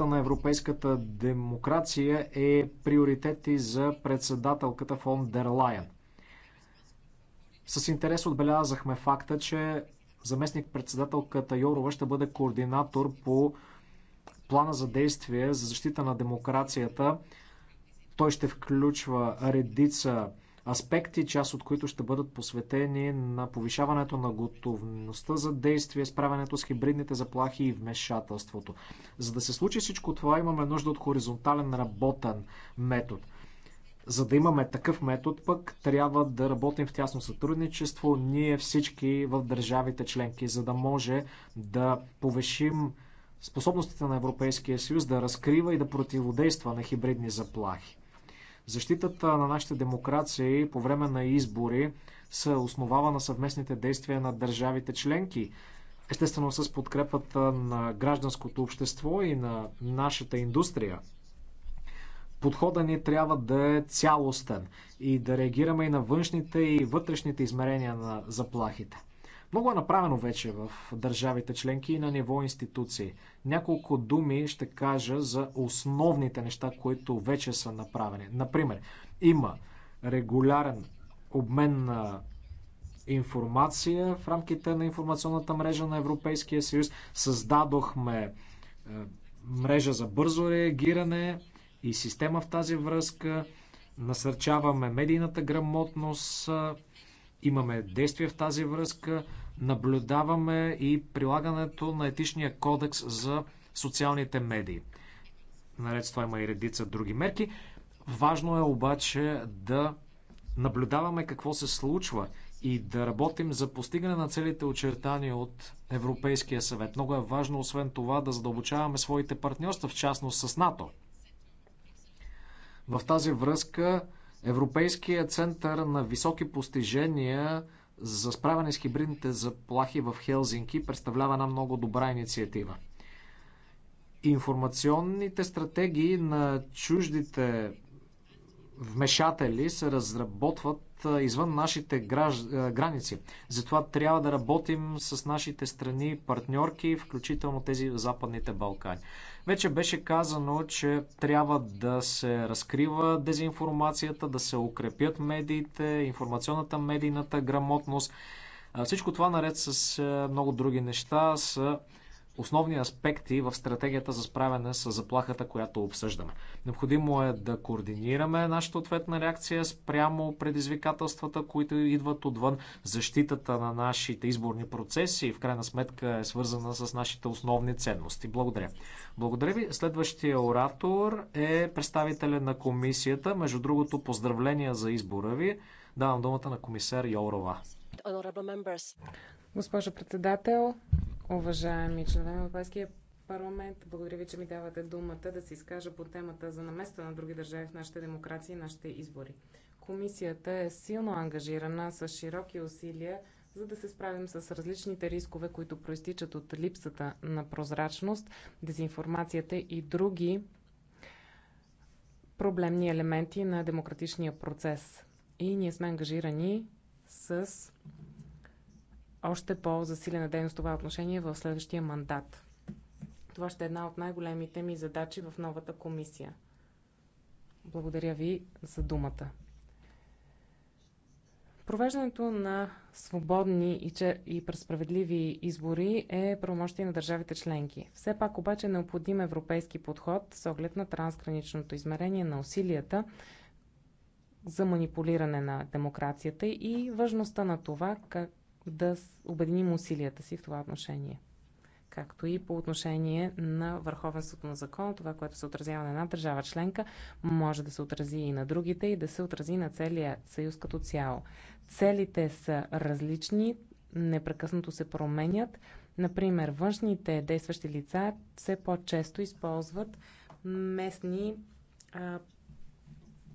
защитата на европейската демокрация е приоритет и за председателката фон дер Лайен. С интерес отбелязахме факта, че заместник-председателката Йорова ще бъде координатор по плана за действие за защита на демокрацията. Той ще включва редица аспекти, част от които ще бъдат посветени на повишаването на готовността за действие, справянето с хибридните заплахи и вмешателството. За да се случи всичко това, имаме нужда от хоризонтален работен метод. За да имаме такъв метод, пък трябва да работим в тясно сътрудничество ние всички в държавите членки, за да може да повишим способностите на Европейския съюз да разкрива и да противодейства на хибридни заплахи. Защитата на нашите демокрации по време на избори се основава на съвместните действия на държавите членки, естествено с подкрепата на гражданското общество и на нашата индустрия. Подходът ни трябва да е цялостен и да реагираме и на външните и вътрешните измерения на заплахите. Много е направено вече в държавите членки и на ниво институции. Няколко думи ще кажа за основните неща, които вече са направени. Например, има регулярен обмен на информация в рамките на информационната мрежа на Европейския съюз. Създадохме е, мрежа за бързо реагиране и система в тази връзка. Насърчаваме медийната грамотност е, Имаме действия в тази връзка, наблюдаваме и прилагането на етичния кодекс за социалните медии. Наред с това има и редица други мерки. Важно е обаче да наблюдаваме какво се случва и да работим за постигане на целите очертания от Европейския съвет. Много е важно, освен това, да задълбочаваме своите партньорства, в частност с НАТО. В тази връзка Европейския център на високи постижения за справяне с хибридните заплахи в Хелзинки представлява една много добра инициатива. Информационните стратегии на чуждите вмешатели се разработват извън нашите граници. Затова трябва да работим с нашите страни партньорки, включително тези в Западните Балкани. Вече беше казано, че трябва да се разкрива дезинформацията, да се укрепят медиите, информационната медийната грамотност. Всичко това наред с много други неща са основни аспекти в стратегията за справяне с заплахата, която обсъждаме. Необходимо е да координираме нашата ответна реакция спрямо предизвикателствата, които идват отвън. Защитата на нашите изборни процеси в крайна сметка е свързана с нашите основни ценности. Благодаря. Благодаря ви. Следващия оратор е представителя на комисията. Между другото, поздравления за избора ви. Давам думата на комисар Йорова. Госпожо председател, уважаеми членове на Европейския парламент, благодаря ви, че ми давате думата да се изкажа по темата за наместа на други държави в нашите демокрации и нашите избори. Комисията е силно ангажирана с широки усилия за да се справим с различните рискове, които проистичат от липсата на прозрачност, дезинформацията и други проблемни елементи на демократичния процес. И ние сме ангажирани с още по-засилена дейност в това отношение в следващия мандат. Това ще е една от най-големите ми задачи в новата комисия. Благодаря ви за думата. Провеждането на свободни и, пресправедливи справедливи избори е правомощие на държавите членки. Все пак обаче е необходим европейски подход с оглед на трансграничното измерение на усилията за манипулиране на демокрацията и важността на това как да обединим усилията си в това отношение. Както и по отношение на върховенството на закона, това, което се отразява на една държава членка, може да се отрази и на другите и да се отрази на целия съюз като цяло. Целите са различни, непрекъснато се променят. Например, външните действащи лица все по-често използват местни а,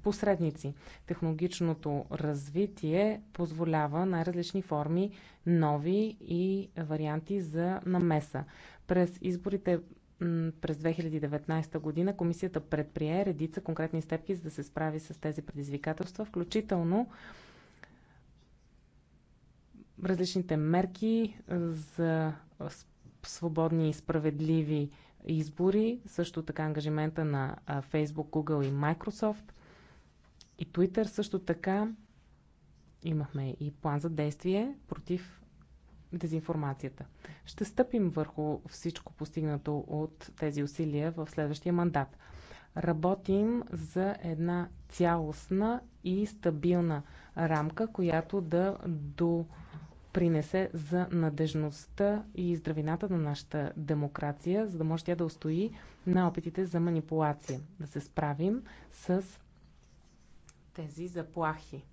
посредници. Технологичното развитие позволява най-различни форми, нови и варианти за намеса. През изборите през 2019 година комисията предприе редица конкретни стъпки, за да се справи с тези предизвикателства, включително различните мерки за свободни и справедливи избори, също така ангажимента на Facebook, Google и Microsoft, и Twitter също така имахме и план за действие против дезинформацията. Ще стъпим върху всичко постигнато от тези усилия в следващия мандат. Работим за една цялостна и стабилна рамка, която да допринесе за надежността и здравината на нашата демокрация, за да може тя да устои на опитите за манипулация. Да се справим с тези заплахи.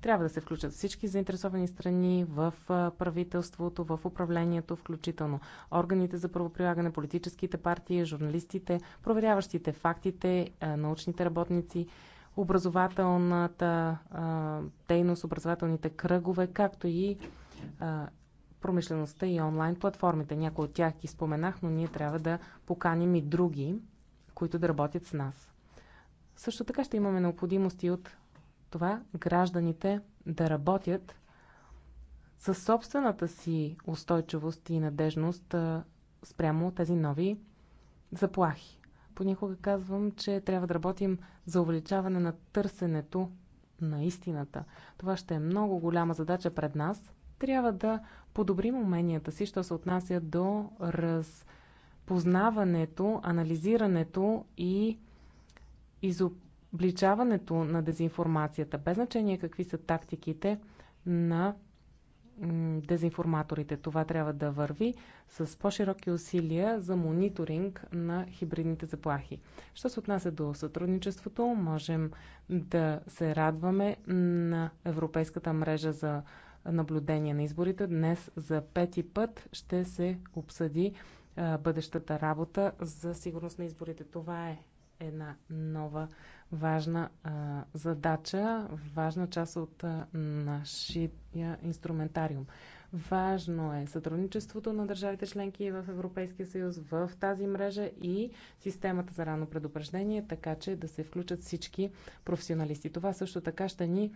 Трябва да се включат всички заинтересовани страни в правителството, в управлението, включително органите за правоприлагане, политическите партии, журналистите, проверяващите фактите, научните работници, образователната дейност, образователните кръгове, както и промишлеността и онлайн платформите. Някои от тях ги споменах, но ние трябва да поканим и други, които да работят с нас. Също така ще имаме необходимости от това гражданите да работят със собствената си устойчивост и надежност спрямо тези нови заплахи. Понякога казвам, че трябва да работим за увеличаване на търсенето на истината. Това ще е много голяма задача пред нас. Трябва да подобрим уменията си, що се отнася до разпознаването, анализирането и изоп обличаването на дезинформацията, без значение какви са тактиките на дезинформаторите. Това трябва да върви с по-широки усилия за мониторинг на хибридните заплахи. Що се отнася до сътрудничеството, можем да се радваме на Европейската мрежа за наблюдение на изборите. Днес за пети път ще се обсъди бъдещата работа за сигурност на изборите. Това е една нова важна а, задача, важна част от а, нашия инструментариум. Важно е сътрудничеството на държавите членки в Европейския съюз в тази мрежа и системата за рано предупреждение, така че да се включат всички професионалисти. Това също така ще ни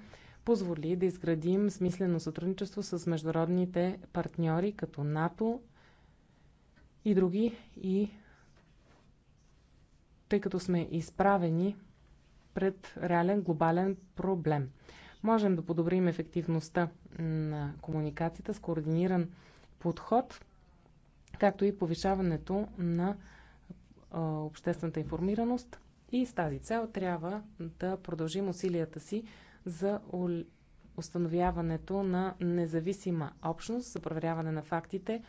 позволи да изградим смислено сътрудничество с международните партньори като НАТО и други и тъй като сме изправени пред реален глобален проблем. Можем да подобрим ефективността на комуникацията с координиран подход, както и повишаването на обществената информираност. И с тази цел трябва да продължим усилията си за установяването на независима общност за проверяване на фактите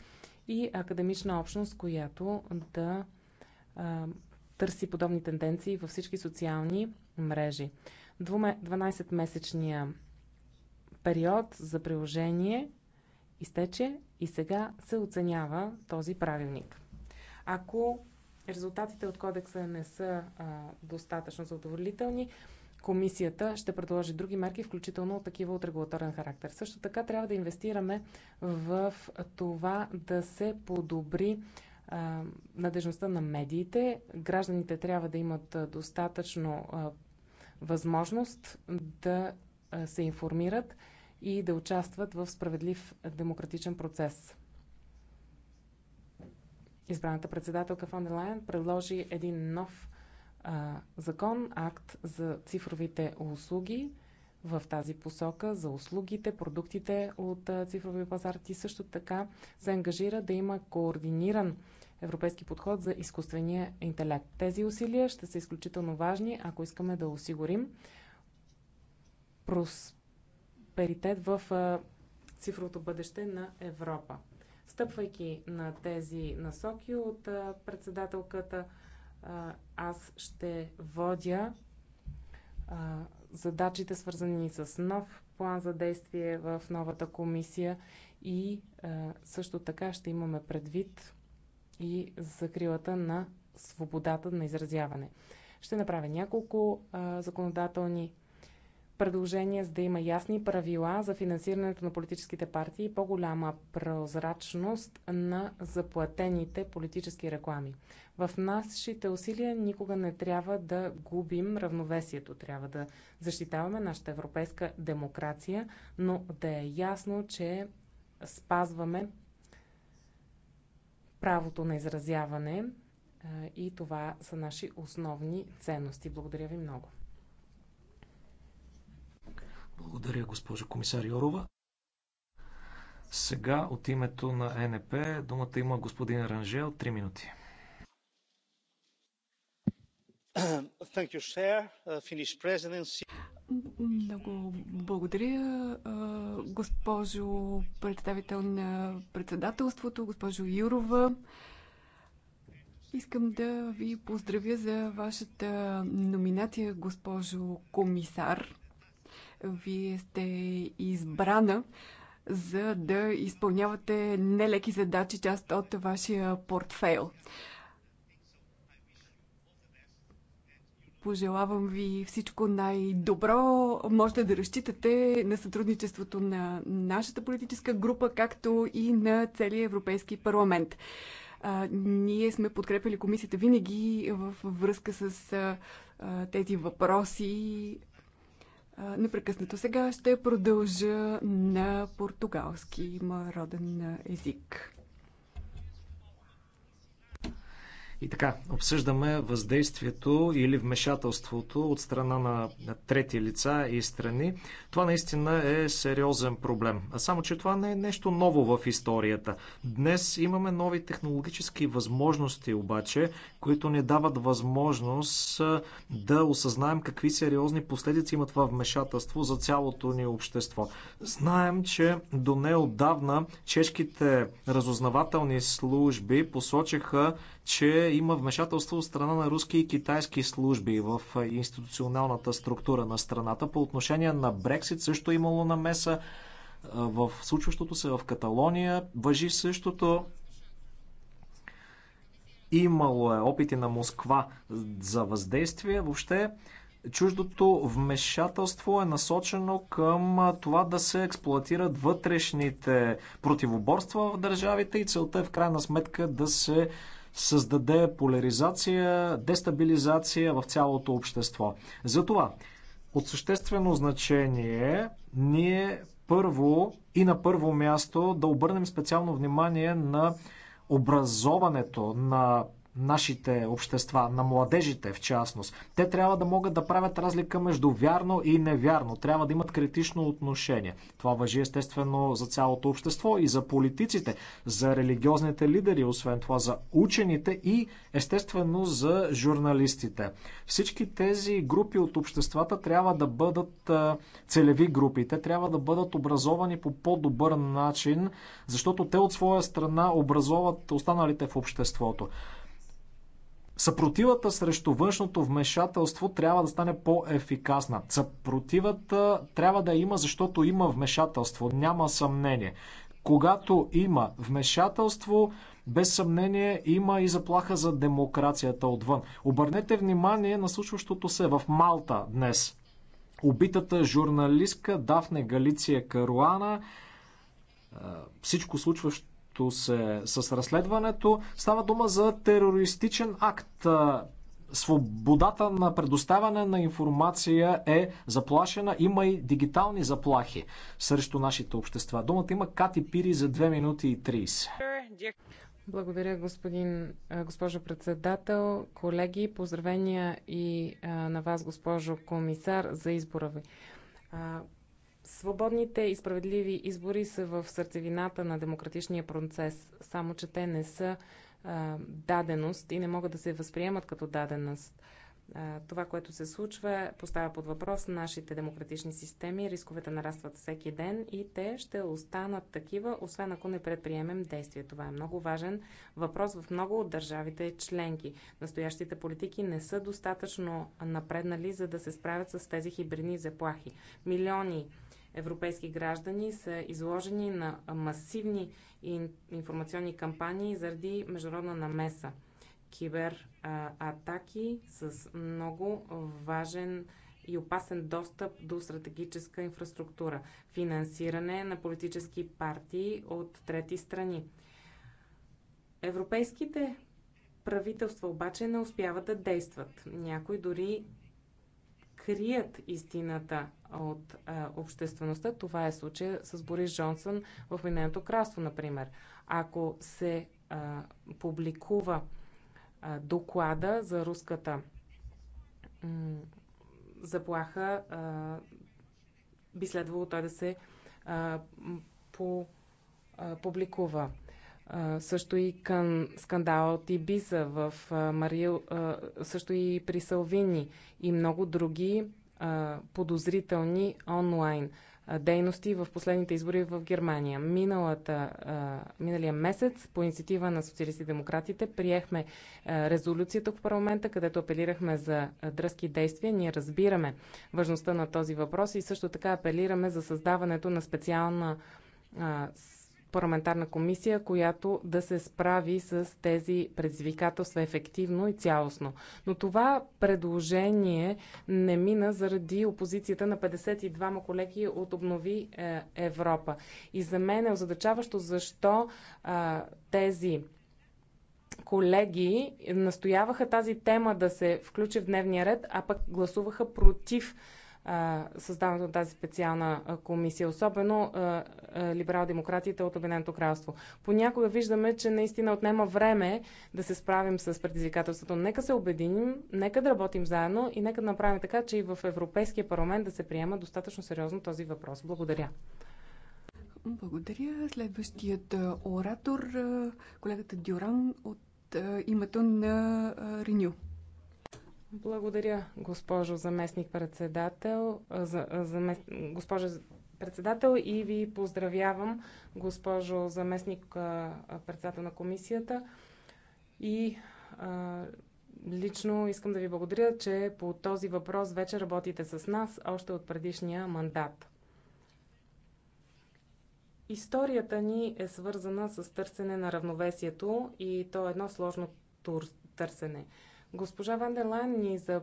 и академична общност, която да търси подобни тенденции във всички социални мрежи. 12-месечния период за приложение изтече и сега се оценява този правилник. Ако резултатите от кодекса не са а, достатъчно задоволителни, комисията ще предложи други мерки, включително такива от регулаторен характер. Също така трябва да инвестираме в това да се подобри а, надежността на медиите. Гражданите трябва да имат достатъчно а, възможност да а, се информират и да участват в справедлив демократичен процес. Избраната председателка Фон дер Лайен предложи един нов а, закон, акт за цифровите услуги, в тази посока за услугите, продуктите от цифровия пазар и също така се ангажира да има координиран европейски подход за изкуствения интелект. Тези усилия ще са изключително важни, ако искаме да осигурим просперитет в цифровото бъдеще на Европа. Стъпвайки на тези насоки от председателката, аз ще водя задачите, свързани с нов план за действие в новата комисия и е, също така ще имаме предвид и закрилата на свободата на изразяване. Ще направя няколко е, законодателни предложение, за да има ясни правила за финансирането на политическите партии и по-голяма прозрачност на заплатените политически реклами. В нашите усилия никога не трябва да губим равновесието. Трябва да защитаваме нашата европейска демокрация, но да е ясно, че спазваме правото на изразяване и това са наши основни ценности. Благодаря ви много. Благодаря, госпожо комисар Йорова. Сега от името на НП думата има господин Ранжел. Три минути. Uh, Много благодаря, uh, госпожо представител на председателството, госпожо Юрова. Искам да ви поздравя за вашата номинация, госпожо комисар. Вие сте избрана за да изпълнявате нелеки задачи, част от вашия портфейл. Пожелавам ви всичко най-добро. Можете да разчитате на сътрудничеството на нашата политическа група, както и на целия Европейски парламент. А, ние сме подкрепили комисията винаги в връзка с а, тези въпроси непрекъснато. Сега ще продължа на португалски, има роден език. И така, обсъждаме въздействието или вмешателството от страна на трети лица и страни. Това наистина е сериозен проблем. А само, че това не е нещо ново в историята. Днес имаме нови технологически възможности, обаче, които ни дават възможност да осъзнаем какви сериозни последици има това вмешателство за цялото ни общество. Знаем, че до неодавна чешките разузнавателни служби посочиха, че има вмешателство от страна на руски и китайски служби в институционалната структура на страната. По отношение на Брексит също е имало намеса в случващото се в Каталония. Въжи същото. Имало е опити на Москва за въздействие. Въобще, чуждото вмешателство е насочено към това да се експлуатират вътрешните противоборства в държавите и целта е в крайна сметка да се създаде поляризация, дестабилизация в цялото общество. Затова от съществено значение ние първо и на първо място да обърнем специално внимание на образованието на нашите общества, на младежите в частност. Те трябва да могат да правят разлика между вярно и невярно. Трябва да имат критично отношение. Това въжи естествено за цялото общество и за политиците, за религиозните лидери, освен това за учените и естествено за журналистите. Всички тези групи от обществата трябва да бъдат целеви групи. Те трябва да бъдат образовани по по-добър начин, защото те от своя страна образоват останалите в обществото. Съпротивата срещу външното вмешателство трябва да стане по-ефикасна. Съпротивата трябва да има, защото има вмешателство, няма съмнение. Когато има вмешателство, без съмнение има и заплаха за демокрацията отвън. Обърнете внимание на случващото се в Малта днес. Убитата журналистка Дафне Галиция Каруана, всичко случващо както се с разследването. Става дума за терористичен акт. Свободата на предоставяне на информация е заплашена. Има и дигитални заплахи срещу нашите общества. Думата има Кати Пири за 2 минути и 30. Благодаря, господин, госпожо председател. Колеги, поздравения и на вас, госпожо комисар, за избора ви. Свободните и справедливи избори са в сърцевината на демократичния процес, само че те не са а, даденост и не могат да се възприемат като даденост. А, това, което се случва, поставя под въпрос нашите демократични системи, рисковете нарастват всеки ден и те ще останат такива, освен ако не предприемем действие. Това е много важен въпрос в много от държавите членки. Настоящите политики не са достатъчно напреднали, за да се справят с тези хибридни заплахи. Милиони европейски граждани са изложени на масивни информационни кампании заради международна намеса. Кибератаки с много важен и опасен достъп до стратегическа инфраструктура, финансиране на политически партии от трети страни. Европейските правителства обаче не успяват да действат. Някои дори крият истината от а, обществеността. Това е случая с Борис Джонсън в Миненото кралство, например. Ако се а, публикува а, доклада за руската заплаха, а, би следвало той да се а, по, а, публикува също и към скандала от Ибиса в Марил, също и при Салвини и много други подозрителни онлайн дейности в последните избори в Германия. Миналата, миналия месец по инициатива на социалисти демократите приехме резолюцията в парламента, където апелирахме за дръзки действия. Ние разбираме важността на този въпрос и също така апелираме за създаването на специална парламентарна комисия, която да се справи с тези предизвикателства ефективно и цялостно. Но това предложение не мина заради опозицията на 52 колеги от Обнови е, Европа. И за мен е озадачаващо защо а, тези колеги настояваха тази тема да се включи в дневния ред, а пък гласуваха против създаването на тази специална комисия, особено либерал-демократите от Обединеното кралство. Понякога виждаме, че наистина отнема време да се справим с предизвикателството. Нека се обединим, нека да работим заедно и нека да направим така, че и в Европейския парламент да се приема достатъчно сериозно този въпрос. Благодаря. Благодаря. Следващият оратор, колегата Дюран от името на Реню. Благодаря, госпожо заместник-председател, за, за, госпожо председател и ви поздравявам, госпожо заместник-председател на комисията. И а, лично искам да ви благодаря, че по този въпрос вече работите с нас още от предишния мандат. Историята ни е свързана с търсене на равновесието и то е едно сложно търсене. Госпожа Вандерлайн ни за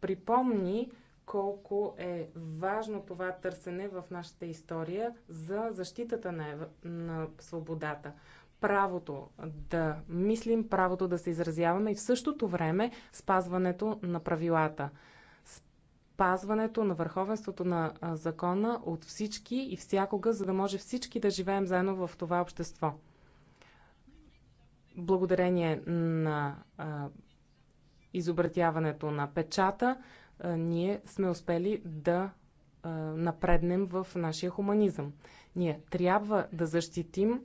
припомни колко е важно това търсене в нашата история за защитата на, ев... на свободата. Правото да мислим, правото да се изразяваме и в същото време спазването на правилата. Спазването на върховенството на закона от всички и всякога, за да може всички да живеем заедно в това общество благодарение на а, изобретяването на печата, ние сме успели да напреднем в нашия хуманизъм. Ние трябва да защитим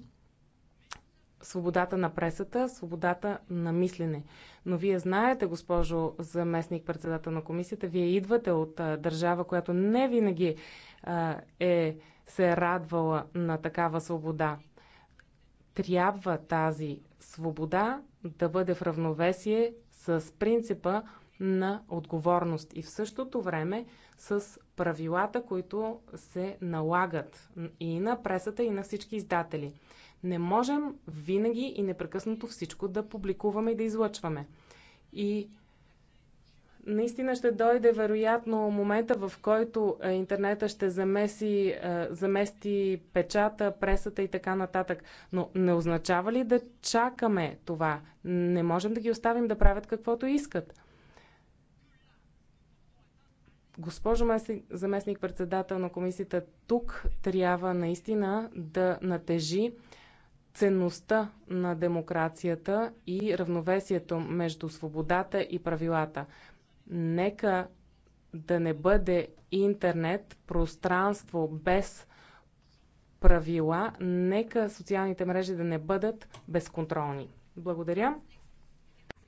свободата на пресата, свободата на мислене. Но вие знаете, госпожо заместник председател на комисията, вие идвате от държава, която не винаги е се е радвала на такава свобода. Трябва тази свобода да бъде в равновесие с принципа на отговорност и в същото време с правилата, които се налагат и на пресата, и на всички издатели. Не можем винаги и непрекъснато всичко да публикуваме и да излъчваме. И Наистина ще дойде вероятно момента, в който е, интернета ще замеси, е, замести печата, пресата и така нататък. Но не означава ли да чакаме това? Не можем да ги оставим да правят каквото искат. Госпожо заместник председател на комисията, тук трябва наистина да натежи ценността на демокрацията и равновесието между свободата и правилата. Нека да не бъде интернет пространство без правила. Нека социалните мрежи да не бъдат безконтролни. Благодаря.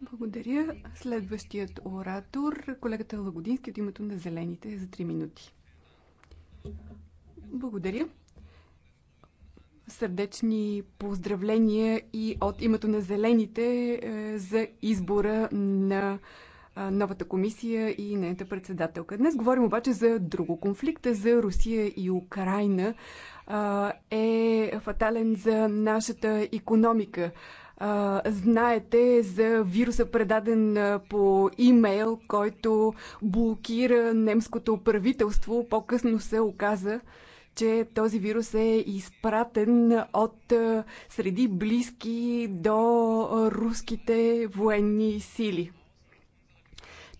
Благодаря. Следващият оратор, колегата Лагодински от името на Зелените е за 3 минути. Благодаря. Сърдечни поздравления и от името на Зелените е, за избора на новата комисия и нейната председателка. Днес говорим обаче за друго. Конфликта за Русия и Украина е фатален за нашата економика. Знаете за вируса, предаден по имейл, който блокира немското правителство. По-късно се оказа, че този вирус е изпратен от среди близки до руските военни сили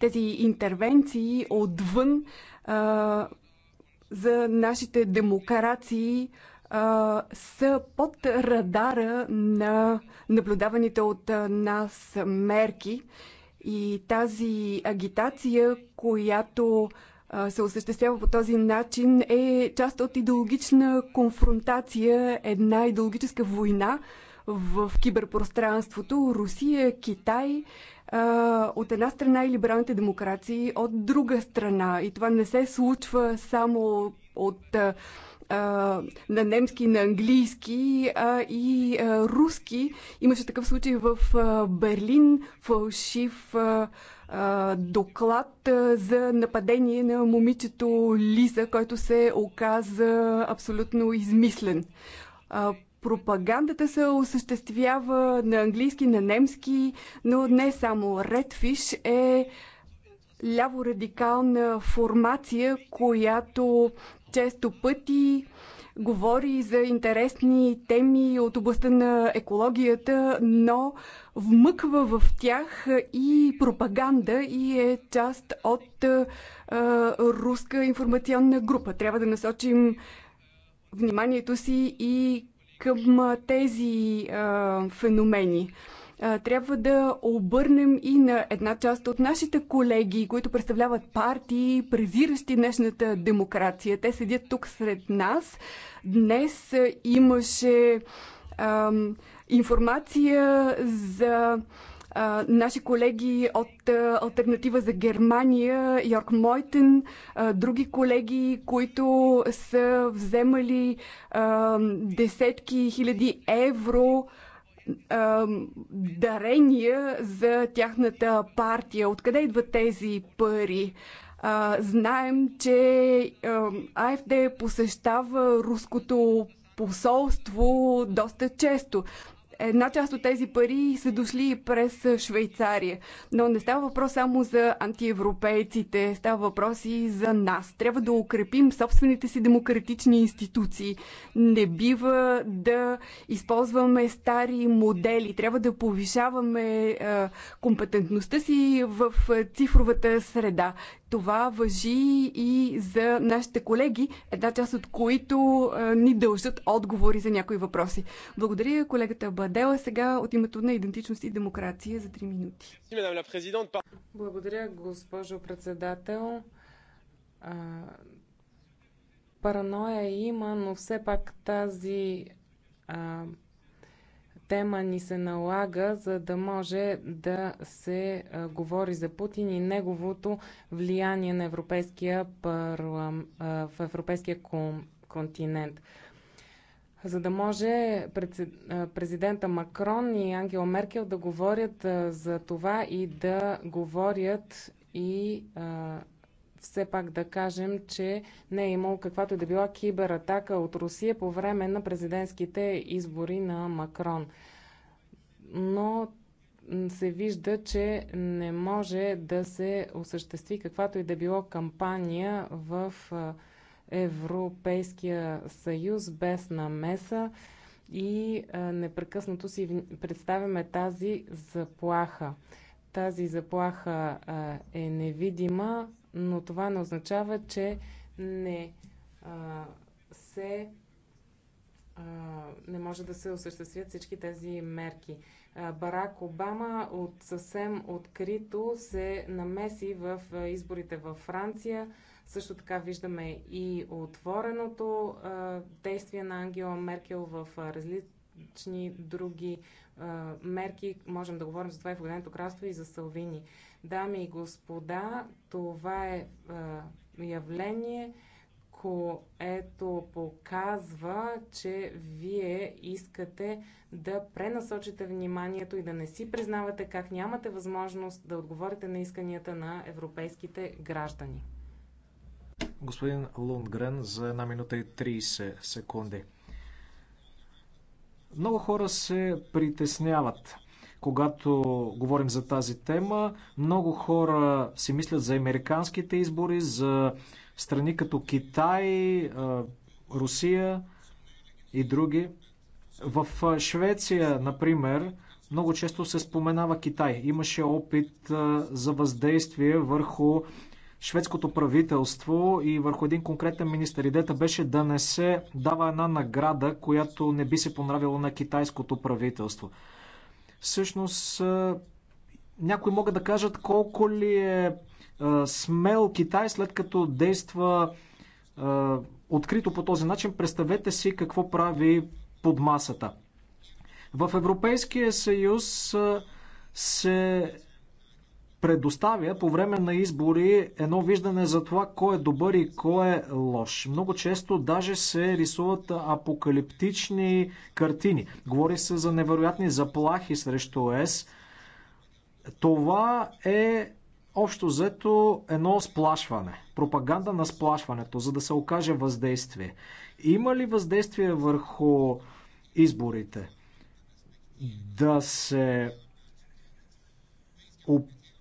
тези интервенции отвън а, за нашите демокрации а, са под радара на наблюдаваните от нас мерки. И тази агитация, която се осъществява по този начин, е част от идеологична конфронтация, една идеологическа война в киберпространството. Русия, Китай от една страна и либералните демокрации от друга страна. И това не се случва само от на немски, на английски а, и а, руски. Имаше такъв случай в а, Берлин, фалшив а, а, доклад а, за нападение на момичето Лиза, който се оказа абсолютно измислен. А, Пропагандата се осъществява на английски, на немски, но не само. Redfish е ляво-радикална формация, която често пъти говори за интересни теми от областта на екологията, но вмъква в тях и пропаганда и е част от а, руска информационна група. Трябва да насочим вниманието си и към тези а, феномени. А, трябва да обърнем и на една част от нашите колеги, които представляват партии, презиращи днешната демокрация. Те седят тук сред нас. Днес имаше а, информация за наши колеги от Альтернатива за Германия, Йорк Мойтен, други колеги, които са вземали десетки хиляди евро дарения за тяхната партия. Откъде идват тези пари? знаем, че АФД посещава руското посолство доста често. Една част от тези пари са дошли през Швейцария. Но не става въпрос само за антиевропейците, става въпрос и за нас. Трябва да укрепим собствените си демократични институции. Не бива да използваме стари модели. Трябва да повишаваме компетентността си в цифровата среда. Това въжи и за нашите колеги, една част от които ни дължат отговори за някои въпроси. Благодаря колегата Бадела. Сега от името на идентичност и демокрация за 3 минути. Благодаря, госпожо председател. параноя има, но все пак тази система ни се налага, за да може да се говори за Путин и неговото влияние на европейския парлам... в европейския континент. За да може президента Макрон и Ангел Меркел да говорят за това и да говорят и все пак да кажем, че не е имало каквато и да била кибератака от Русия по време на президентските избори на Макрон. Но се вижда, че не може да се осъществи каквато и да било кампания в Европейския съюз без намеса и непрекъснато си представяме тази заплаха. Тази заплаха е невидима, но това не означава, че не а, се а, не може да се осъществят всички тези мерки. А, Барак Обама от съвсем открито се намеси в изборите във Франция. Също така виждаме и отвореното а, действие на Ангела Меркел в различни други а, мерки. Можем да говорим за това и в Обединеното кралство и за Салвини. Дами и господа, това е явление, което показва, че вие искате да пренасочите вниманието и да не си признавате как нямате възможност да отговорите на исканията на европейските граждани. Господин Лундгрен за една минута и 30 секунди. Много хора се притесняват когато говорим за тази тема. Много хора си мислят за американските избори, за страни като Китай, Русия и други. В Швеция, например, много често се споменава Китай. Имаше опит за въздействие върху шведското правителство и върху един конкретен министър. Идеята беше да не се дава една награда, която не би се понравила на китайското правителство. Всъщност, някои могат да кажат колко ли е смел Китай, след като действа открито по този начин. Представете си какво прави под масата. В Европейския съюз се предоставя по време на избори едно виждане за това кой е добър и кой е лош. Много често даже се рисуват апокалиптични картини. Говори се за невероятни заплахи срещу ЕС. Това е общо взето едно сплашване, пропаганда на сплашването, за да се окаже въздействие. Има ли въздействие върху изборите? Да се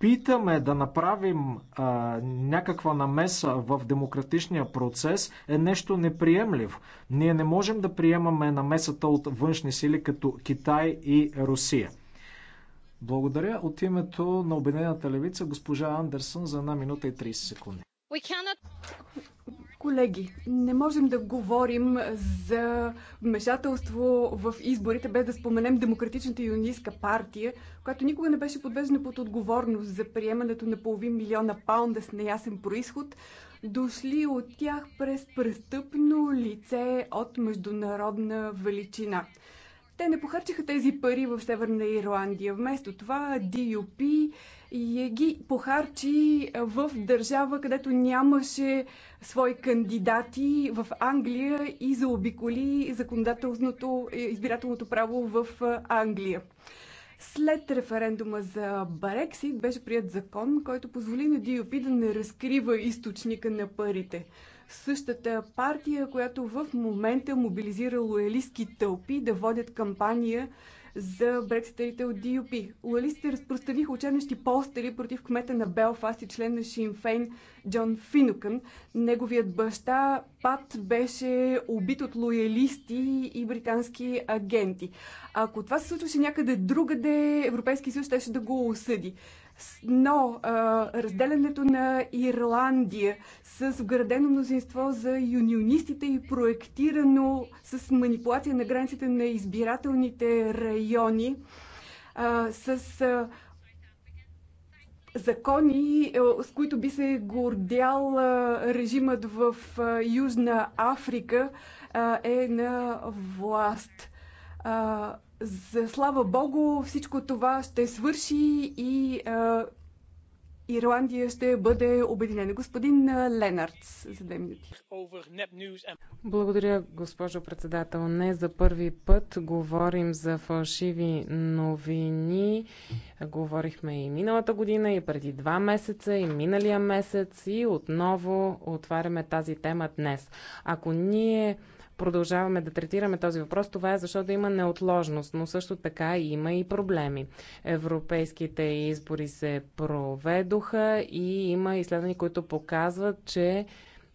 опитаме да направим а, някаква намеса в демократичния процес е нещо неприемливо. Ние не можем да приемаме намесата от външни сили като Китай и Русия. Благодаря от името на Обединената левица госпожа Андерсон за една минута и 30 секунди. Cannot... Колеги, не можем да говорим за вмешателство в изборите без да споменем Демократичната юнийска партия, която никога не беше подвеждана под отговорност за приемането на половин милиона паунда с неясен происход, дошли от тях през престъпно лице от международна величина. Те не похарчиха тези пари в Северна Ирландия. Вместо това DUP ги похарчи в държава, където нямаше свои кандидати в Англия и заобиколи законодателното е, избирателното право в е, Англия. След референдума за Барексит, беше прият закон, който позволи на DUP да не разкрива източника на парите същата партия, която в момента мобилизира лоялистки тълпи да водят кампания за брекситерите от DUP. Лоялистите разпространиха учебнищи постери против кмета на Белфаст и член на Шинфейн Джон Финукън. Неговият баща Пат беше убит от лоялисти и британски агенти. Ако това се случваше някъде другаде, Европейски съюз щеше да го осъди. Но а, разделянето на Ирландия с вградено мнозинство за юнионистите и проектирано с манипулация на границите на избирателните райони, а, с а, закони, е, с които би се гордял режимът в Южна Африка, е на власт. За слава Богу, всичко това ще свърши и а, Ирландия ще бъде обединена. Господин Ленардс, за две минути. Благодаря, госпожо председател. Не за първи път говорим за фалшиви новини. Говорихме и миналата година, и преди два месеца, и миналия месец, и отново отваряме тази тема днес. Ако ние продължаваме да третираме този въпрос, това е защото има неотложност, но също така има и проблеми. Европейските избори се проведоха и има изследвания, които показват, че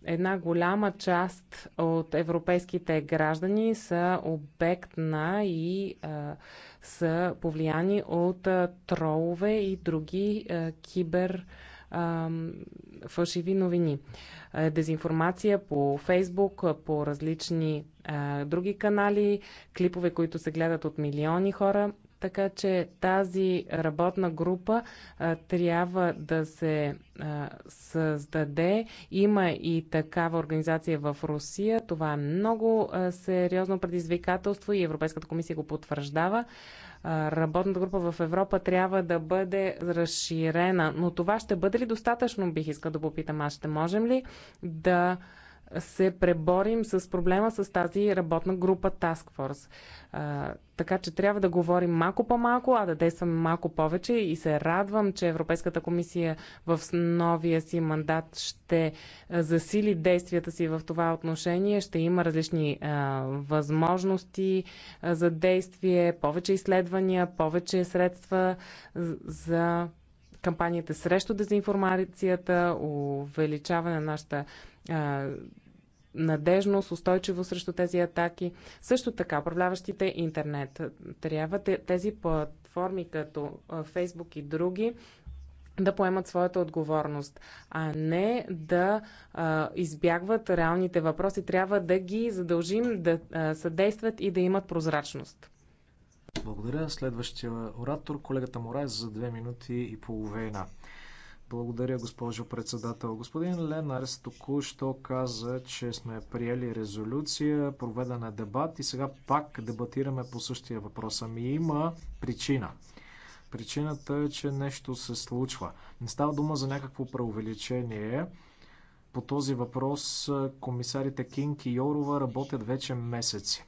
една голяма част от европейските граждани са обект на и а, са повлияни от а, тролове и други а, кибер а, фалшиви новини. Е, дезинформация по Фейсбук, по различни а, други канали, клипове, които се гледат от милиони хора. Така че тази работна група а, трябва да се а, създаде. Има и такава организация в Русия. Това е много а, сериозно предизвикателство и Европейската комисия го потвърждава. А, работната група в Европа трябва да бъде разширена. Но това ще бъде ли достатъчно, бих искал да попитам аз. Ще можем ли да се преборим с проблема с тази работна група Task Force. А, така че трябва да говорим малко по-малко, а да действаме малко повече и се радвам, че Европейската комисия в новия си мандат ще засили действията си в това отношение, ще има различни а, възможности а, за действие, повече изследвания, повече средства за кампанията срещу дезинформацията, увеличаване на нашата надежност, устойчиво срещу тези атаки. Също така, управляващите интернет. Трябва тези платформи като Facebook и други да поемат своята отговорност, а не да а, избягват реалните въпроси. Трябва да ги задължим да а, съдействат и да имат прозрачност. Благодаря. Следващия оратор, колегата Морай, за две минути и половина. Благодаря, госпожо председател. Господин Ленарс току-що каза, че сме приели резолюция, проведен е дебат и сега пак дебатираме по същия въпрос. Ами има причина. Причината е, че нещо се случва. Не става дума за някакво преувеличение. По този въпрос комисарите Кинг и Йорова работят вече месеци.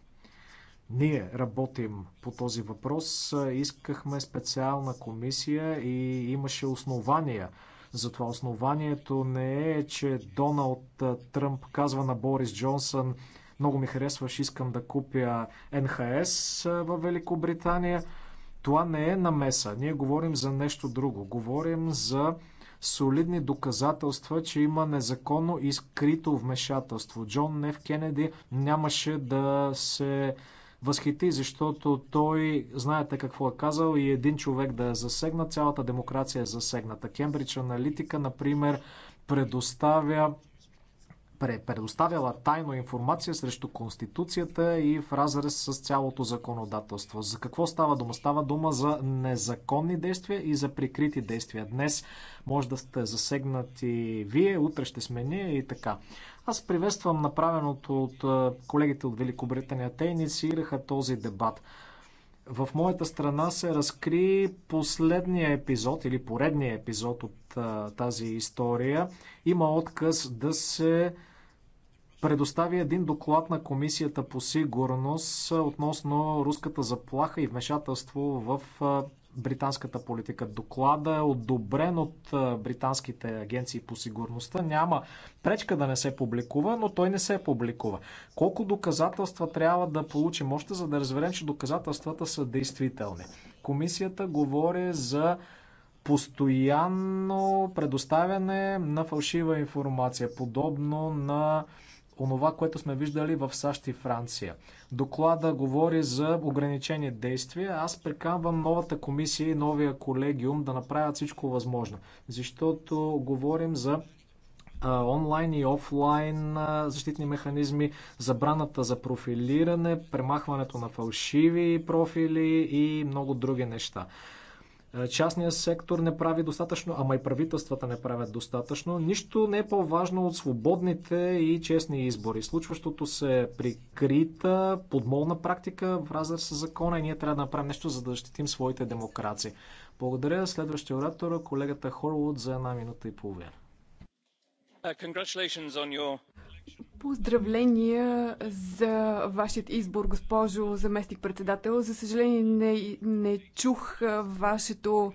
Ние работим по този въпрос. Искахме специална комисия и имаше основания. Затова основанието не е, че Доналд Тръмп казва на Борис Джонсън много ми харесваш, искам да купя НХС в Великобритания. Това не е намеса. Ние говорим за нещо друго. Говорим за солидни доказателства, че има незаконно и скрито вмешателство. Джон Неф Кенеди нямаше да се възхити, защото той, знаете какво е казал, и един човек да е засегнат, цялата демокрация е засегната. Кембридж Аналитика, например, предоставя предоставяла тайно информация срещу Конституцията и в разрез с цялото законодателство. За какво става дума? Става дума за незаконни действия и за прикрити действия. Днес може да сте засегнати вие, утре ще сме ние и така. Аз приветствам направеното от колегите от Великобритания. Те инициираха този дебат. В моята страна се разкри последния епизод или поредния епизод от тази история. Има отказ да се предостави един доклад на Комисията по сигурност относно руската заплаха и вмешателство в британската политика. Доклада е одобрен от британските агенции по сигурността. Няма пречка да не се публикува, но той не се публикува. Колко доказателства трябва да получим още, за да разберем, че доказателствата са действителни? Комисията говори за постоянно предоставяне на фалшива информация, подобно на онова, което сме виждали в САЩ и Франция. Доклада говори за ограничени действия. Аз приканвам новата комисия и новия колегиум да направят всичко възможно, защото говорим за онлайн и офлайн защитни механизми, забраната за профилиране, премахването на фалшиви профили и много други неща. Е, частният сектор не прави достатъчно, ама и правителствата не правят достатъчно. Нищо не е по-важно от свободните и честни избори. Случващото се е прикрита, подмолна практика в разрез с закона и ние трябва да направим нещо, за да защитим своите демокрации. Благодаря. Следващия оратор, колегата Хорвуд, за една минута и половина. Uh, Поздравления за вашият избор, госпожо заместник-председател. За съжаление не, не чух вашето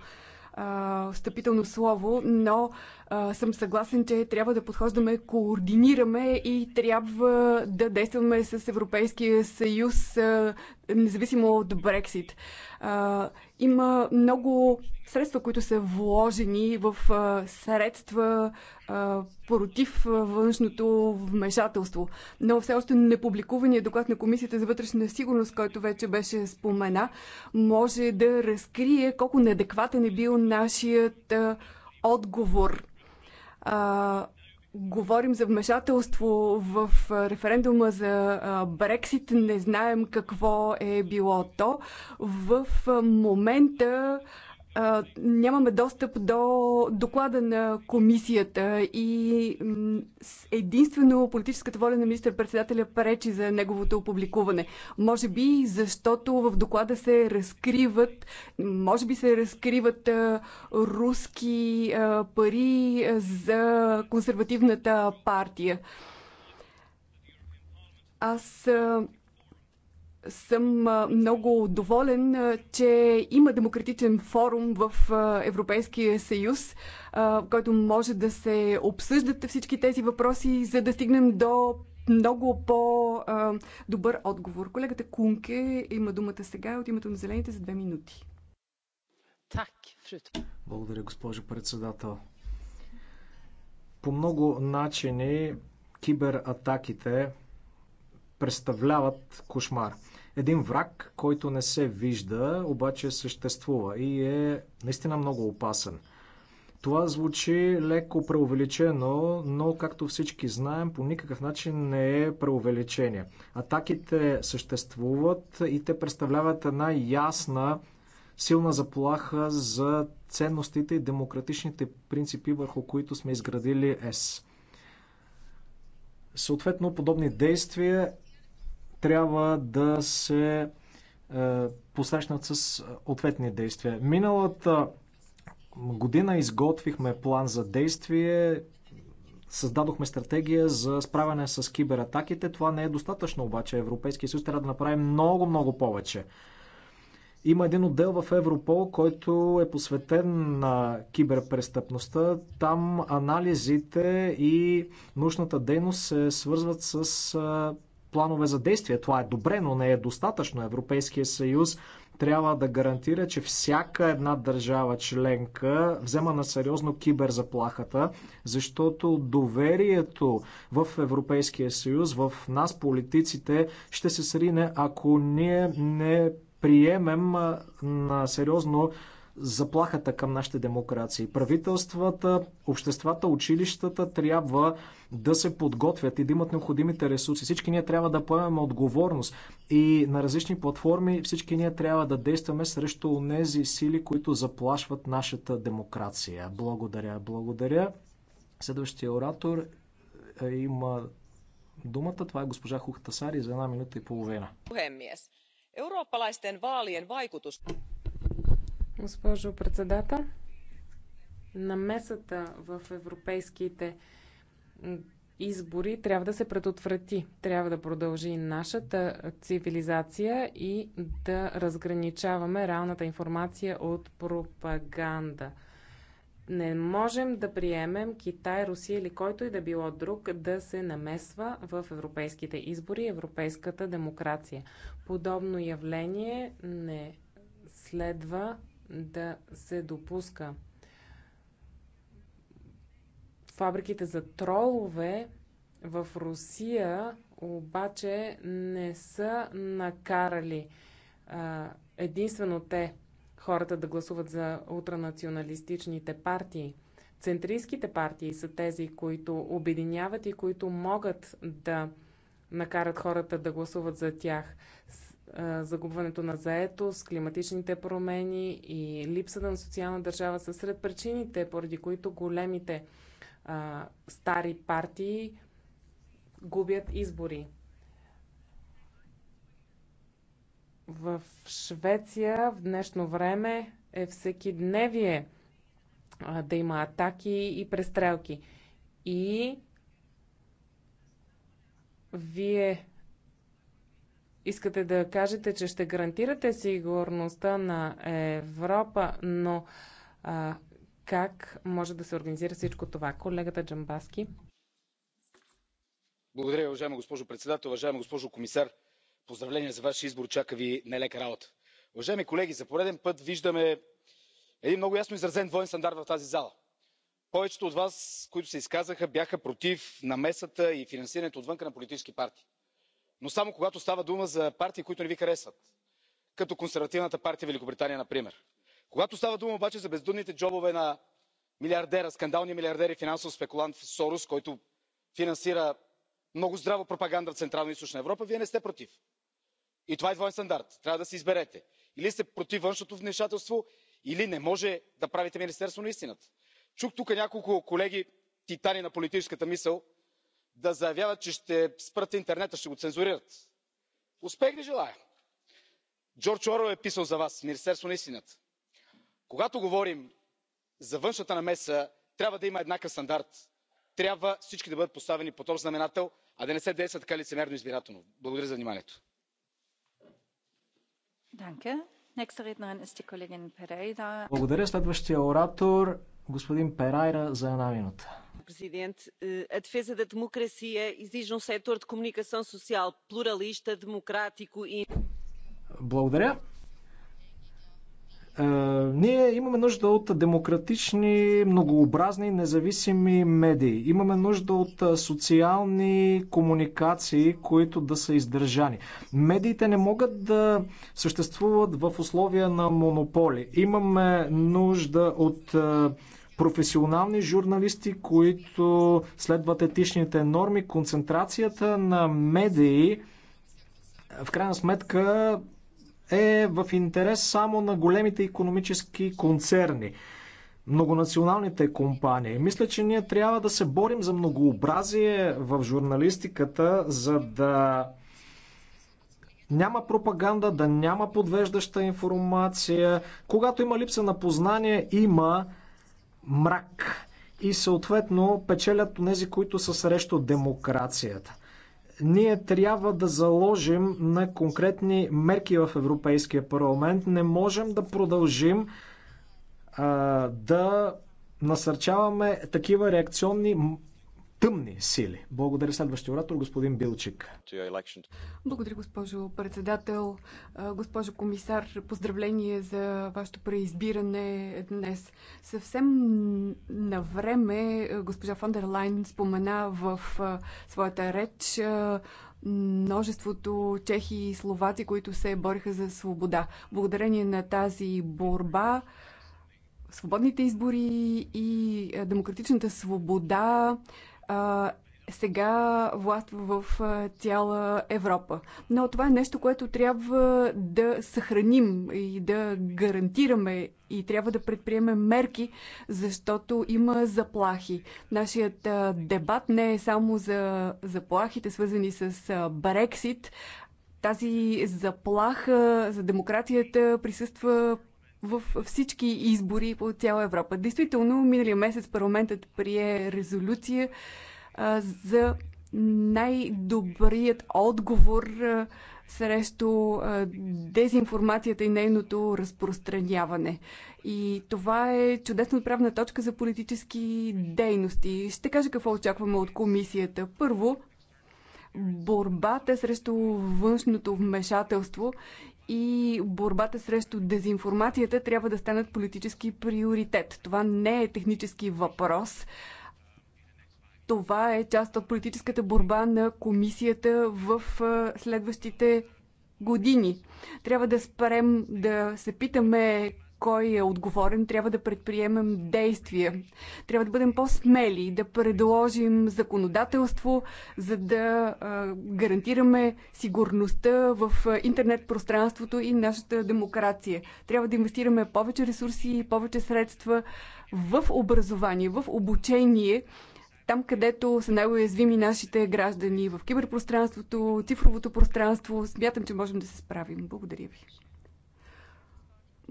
а, встъпително слово, но а, съм съгласен, че трябва да подхождаме, координираме и трябва да действаме с Европейския съюз, а, независимо от Брексит. А, има много средства, които са вложени в а, средства а, против външното вмешателство. Но все още непубликуваният доклад на Комисията за вътрешна сигурност, който вече беше спомена, може да разкрие колко неадекватен е бил нашият а, отговор а, говорим за вмешателство в референдума за Брексит, не знаем какво е било то. В момента нямаме достъп до доклада на комисията и единствено политическата воля на министър-председателя пречи за неговото опубликуване. Може би защото в доклада се разкриват, може би се разкриват руски пари за консервативната партия. Аз съм много доволен, че има демократичен форум в Европейския съюз, който може да се обсъждат всички тези въпроси, за да стигнем до много по-добър отговор. Колегата Кунке има думата сега от името на Зелените за две минути. Благодаря, госпожо председател. По много начини кибератаките представляват кошмар един враг, който не се вижда, обаче съществува и е наистина много опасен. Това звучи леко преувеличено, но както всички знаем, по никакъв начин не е преувеличение. Атаките съществуват и те представляват една ясна, силна заплаха за ценностите и демократичните принципи, върху които сме изградили ЕС. Съответно, подобни действия трябва да се е, посрещнат с ответни действия. Миналата година изготвихме план за действие, създадохме стратегия за справяне с кибератаките. Това не е достатъчно обаче. Европейския съюз трябва да направи много, много повече. Има един отдел в Европол, който е посветен на киберпрестъпността. Там анализите и научната дейност се свързват с е, планове за действие. Това е добре, но не е достатъчно. Европейския съюз трябва да гарантира, че всяка една държава членка взема на сериозно киберзаплахата, защото доверието в Европейския съюз, в нас политиците, ще се срине, ако ние не приемем на сериозно заплахата към нашите демокрации. Правителствата, обществата, училищата трябва да се подготвят и да имат необходимите ресурси. Всички ние трябва да поемем отговорност и на различни платформи всички ние трябва да действаме срещу тези сили, които заплашват нашата демокрация. Благодаря, благодаря. Следващия оратор е, има думата. Това е госпожа Хухтасари за една минута и половина. Госпожо председател, намесата в европейските избори трябва да се предотврати. Трябва да продължи нашата цивилизация и да разграничаваме реалната информация от пропаганда. Не можем да приемем Китай, Русия или който и да било друг да се намесва в европейските избори и европейската демокрация. Подобно явление не следва да се допуска. Фабриките за тролове в Русия обаче не са накарали а, единствено те хората да гласуват за ултранационалистичните партии. Центристските партии са тези, които обединяват и които могат да накарат хората да гласуват за тях загубването на заетост, климатичните промени и липсата на социална държава са сред причините, поради които големите а, стари партии губят избори. В Швеция в днешно време е всеки дневие а, да има атаки и престрелки. И вие искате да кажете, че ще гарантирате сигурността на Европа, но а, как може да се организира всичко това? Колегата Джамбаски. Благодаря, уважаема госпожо председател, уважаема госпожо комисар. Поздравления за вашия избор. Чака ви нелека работа. Уважаеми колеги, за пореден път виждаме един много ясно изразен воен стандарт в тази зала. Повечето от вас, които се изказаха, бяха против намесата и финансирането отвън на политически партии но само когато става дума за партии които не ви харесват като консервативната партия великобритания например. когато става дума обаче за бездънните джобове на милиардера скандалния милиардер и финансов спекулант сорос който финансира много здраво пропаганда в централна и източна европа вие не сте против. и това е двоен стандарт. трябва да се изберете или сте против външното вмешателство или не може да правите министерство на истината. чух тук няколко колеги титани на политическата мисъл да заявяват че ще спрат интернета ще го цензурират. успех ви желая! джордж оруел е писал за вас министерство на истината. когато говорим за външната намеса трябва да има еднакъв стандарт трябва всички да бъдат поставени под общ знаменател а да не се действа така лицемерно и избирателно. благодаря за вниманието. Е благодаря. Следващият оратор господин Перайра за една минута presidente eh, a defesa da democracia exige um setor de comunicação social pluralista демократико и. E Благодаря. Е, ние имаме нужда от демократични, многообразни, независими медии. Имаме нужда от е, социални комуникации, които да са издържани. Медиите не могат да съществуват в условия на монополи. Имаме нужда от е, професионални журналисти, които следват етичните норми, концентрацията на медии в крайна сметка е в интерес само на големите економически концерни, многонационалните компании. Мисля, че ние трябва да се борим за многообразие в журналистиката, за да няма пропаганда, да няма подвеждаща информация. Когато има липса на познание, има мрак и съответно печелят тези, които са срещу демокрацията. Ние трябва да заложим на конкретни мерки в Европейския парламент. Не можем да продължим а, да насърчаваме такива реакционни тъмни сили. Благодаря следващия оратор, господин Билчик. Благодаря, госпожо председател. Госпожо комисар, поздравление за вашето преизбиране днес. Съвсем на време госпожа Фондерлайн спомена в своята реч множеството чехи и словаци, които се бориха за свобода. Благодарение на тази борба свободните избори и демократичната свобода а, сега власт в цяла Европа. Но това е нещо, което трябва да съхраним и да гарантираме и трябва да предприемем мерки, защото има заплахи. Нашият дебат не е само за заплахите, свързани с Брексит. Тази заплаха за демокрацията присъства в всички избори по цяла Европа. Действително, миналия месец парламентът прие резолюция а, за най-добрият отговор а, срещу а, дезинформацията и нейното разпространяване. И това е чудесна отправна точка за политически дейности. Ще кажа какво очакваме от комисията. Първо, борбата срещу външното вмешателство и борбата срещу дезинформацията трябва да станат политически приоритет. Това не е технически въпрос. Това е част от политическата борба на комисията в следващите години. Трябва да спрем да се питаме кой е отговорен, трябва да предприемем действия. Трябва да бъдем по-смели, да предложим законодателство, за да гарантираме сигурността в интернет пространството и нашата демокрация. Трябва да инвестираме повече ресурси и повече средства в образование, в обучение, там, където са най-уязвими нашите граждани в киберпространството, цифровото пространство. Смятам, че можем да се справим. Благодаря ви.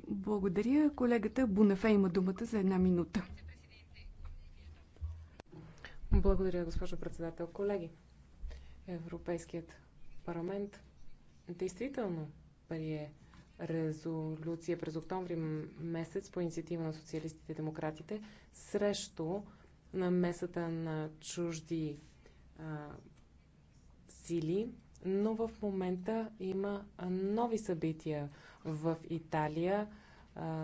Благодаря. Колегата Бунафе има думата за една минута. Благодаря, госпожо председател. Колеги, Европейският парламент действително прие резолюция през октомври месец по инициатива на социалистите и демократите срещу намесата на чужди а, сили, но в момента има нови събития в Италия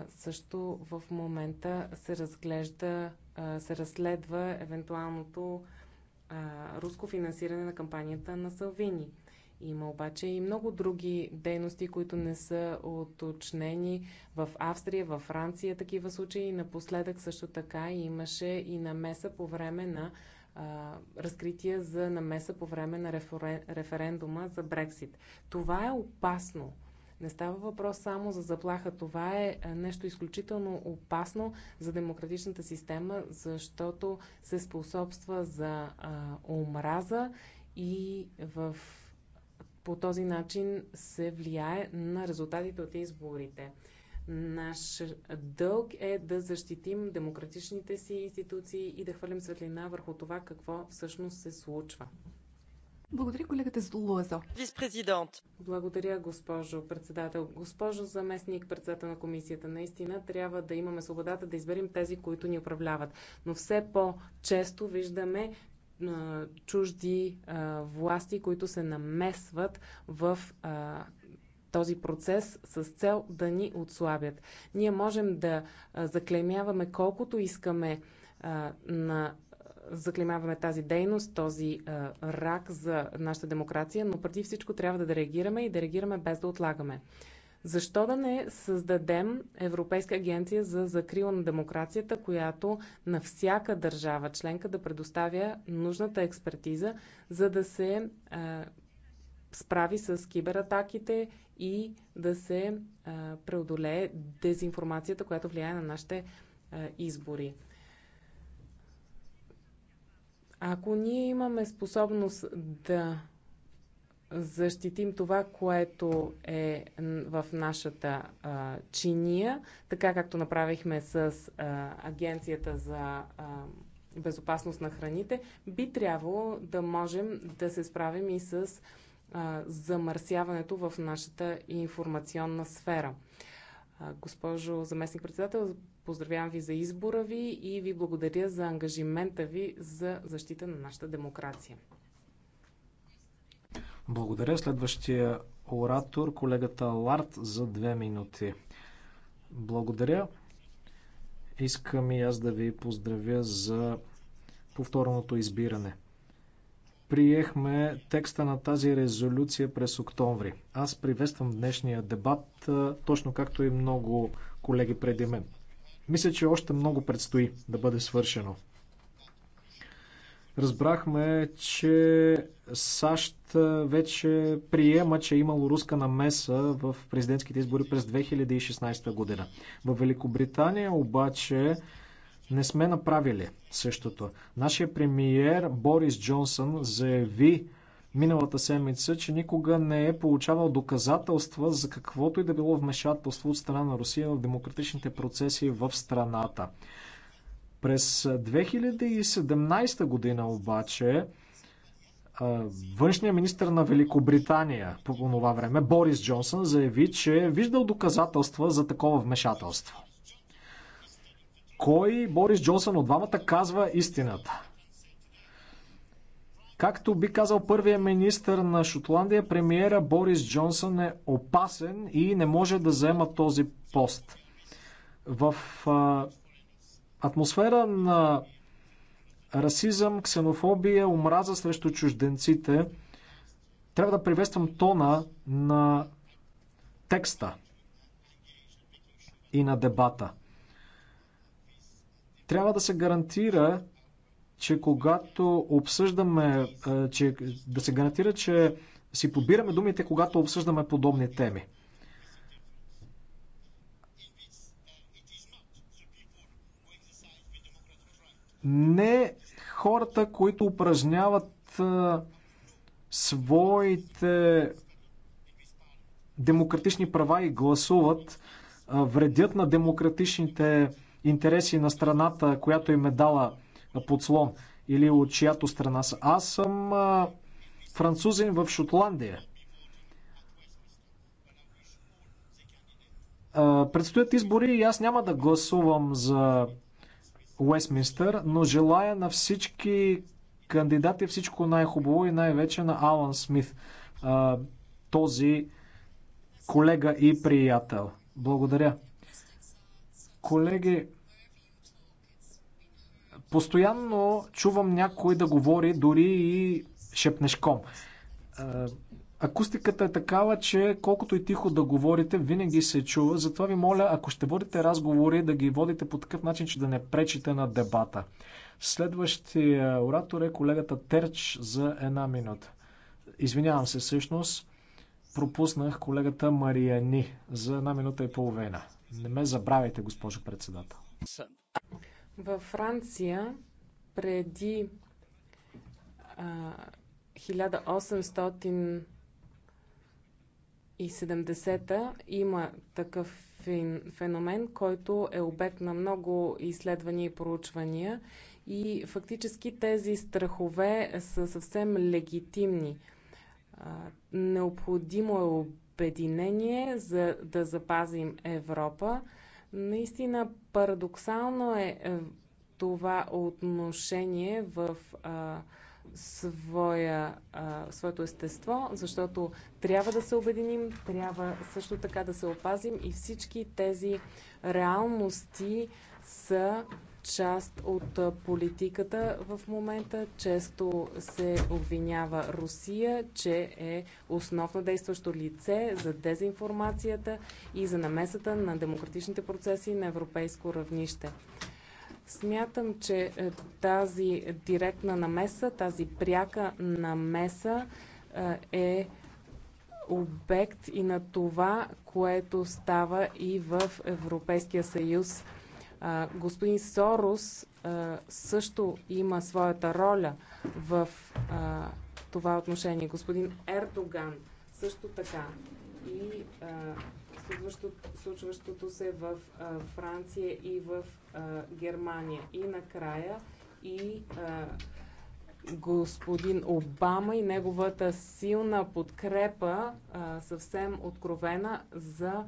също в момента се разглежда, се разследва евентуалното руско финансиране на кампанията на Салвини. Има обаче и много други дейности, които не са уточнени в Австрия, във Франция такива случаи. Напоследък също така имаше и намеса по време на разкрития за намеса по време на референдума за Брексит. Това е опасно. Не става въпрос само за заплаха. Това е, е нещо изключително опасно за демократичната система, защото се способства за а, омраза и в, по този начин се влияе на резултатите от изборите. Наш дълг е да защитим демократичните си институции и да хвърлим светлина върху това какво всъщност се случва. Благодаря колегата Злуазо. Виспрезидент. Благодаря, госпожо председател. Госпожо заместник председател на комисията, наистина трябва да имаме свободата да изберем тези, които ни управляват. Но все по-често виждаме а, чужди а, власти, които се намесват в а, този процес с цел да ни отслабят. Ние можем да заклемяваме, колкото искаме на заклимаваме тази дейност, този а, рак за нашата демокрация, но преди всичко трябва да реагираме и да реагираме без да отлагаме. Защо да не създадем Европейска агенция за закрила на демокрацията, която на всяка държава членка да предоставя нужната експертиза, за да се а, справи с кибератаките и да се а, преодолее дезинформацията, която влияе на нашите а, избори? Ако ние имаме способност да защитим това, което е в нашата а, чиния, така както направихме с а, Агенцията за а, безопасност на храните, би трябвало да можем да се справим и с а, замърсяването в нашата информационна сфера. А, госпожо заместник-председател, Поздравявам ви за избора ви и ви благодаря за ангажимента ви за защита на нашата демокрация. Благодаря. Следващия оратор, колегата Ларт, за две минути. Благодаря. Искам и аз да ви поздравя за повторното избиране. Приехме текста на тази резолюция през октомври. Аз приветствам днешния дебат, точно както и много колеги преди мен. Мисля, че още много предстои да бъде свършено. Разбрахме, че САЩ вече приема, че е имало руска намеса в президентските избори през 2016 година. В Великобритания обаче не сме направили същото. Нашия премиер Борис Джонсън заяви миналата седмица, че никога не е получавал доказателства за каквото и да било вмешателство от страна на Русия в демократичните процеси в страната. През 2017 година обаче външният министр на Великобритания по това време, Борис Джонсън, заяви, че е виждал доказателства за такова вмешателство. Кой Борис Джонсън от двамата казва истината? Както би казал първия министр на Шотландия, премиера Борис Джонсън е опасен и не може да заема този пост. В а, атмосфера на расизъм, ксенофобия, омраза срещу чужденците, трябва да приветствам тона на текста и на дебата. Трябва да се гарантира че когато обсъждаме, е, че, да се гарантира, че си подбираме думите, когато обсъждаме подобни теми. Не хората, които упражняват е, своите демократични права и гласуват, е, вредят на демократичните интереси на страната, която им е дала подслон или от чиято страна са. Аз съм французин в Шотландия. Предстоят избори и аз няма да гласувам за Уестминстър, но желая на всички кандидати всичко най-хубаво и най-вече на Алан Смит, този колега и приятел. Благодаря. Колеги, Постоянно чувам някой да говори дори и шепнешком. Е, акустиката е такава, че колкото и тихо да говорите, винаги се чува. Затова ви моля, ако ще водите разговори, да ги водите по такъв начин, че да не пречите на дебата. Следващия оратор е колегата Терч за една минута. Извинявам се, всъщност пропуснах колегата Мариани за една минута и половина. Не ме забравяйте, госпожо председател. Във Франция преди а, 1870 има такъв феномен, който е обект на много изследвания и проучвания и фактически тези страхове са съвсем легитимни. Необходимо е обединение, за да запазим Европа Наистина парадоксално е, е това отношение в а, своя, а, своето естество, защото трябва да се обединим, трябва също така да се опазим и всички тези реалности са част от политиката в момента. Често се обвинява Русия, че е основно действащо лице за дезинформацията и за намесата на демократичните процеси на европейско равнище. Смятам, че е, тази директна намеса, тази пряка намеса е, е обект и на това, което става и в Европейския съюз господин Сорос също има своята роля в това отношение. Господин Ердоган също така. И случващото, се в Франция и в Германия. И накрая и господин Обама и неговата силна подкрепа, съвсем откровена за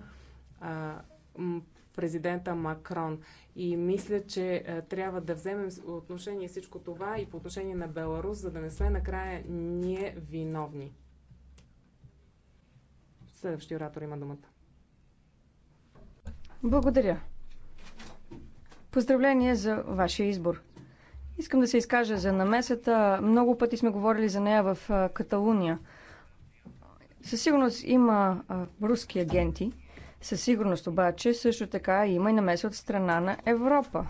президента Макрон. И мисля, че е, трябва да вземем отношение всичко това и по отношение на Беларус, за да не сме накрая ние виновни. Следващия оратор има думата. Благодаря. Поздравление за вашия избор. Искам да се изкажа за намесата. Много пъти сме говорили за нея в е, Каталуния. Със сигурност има е, руски агенти, със сигурност обаче също така има и намеса от страна на Европа.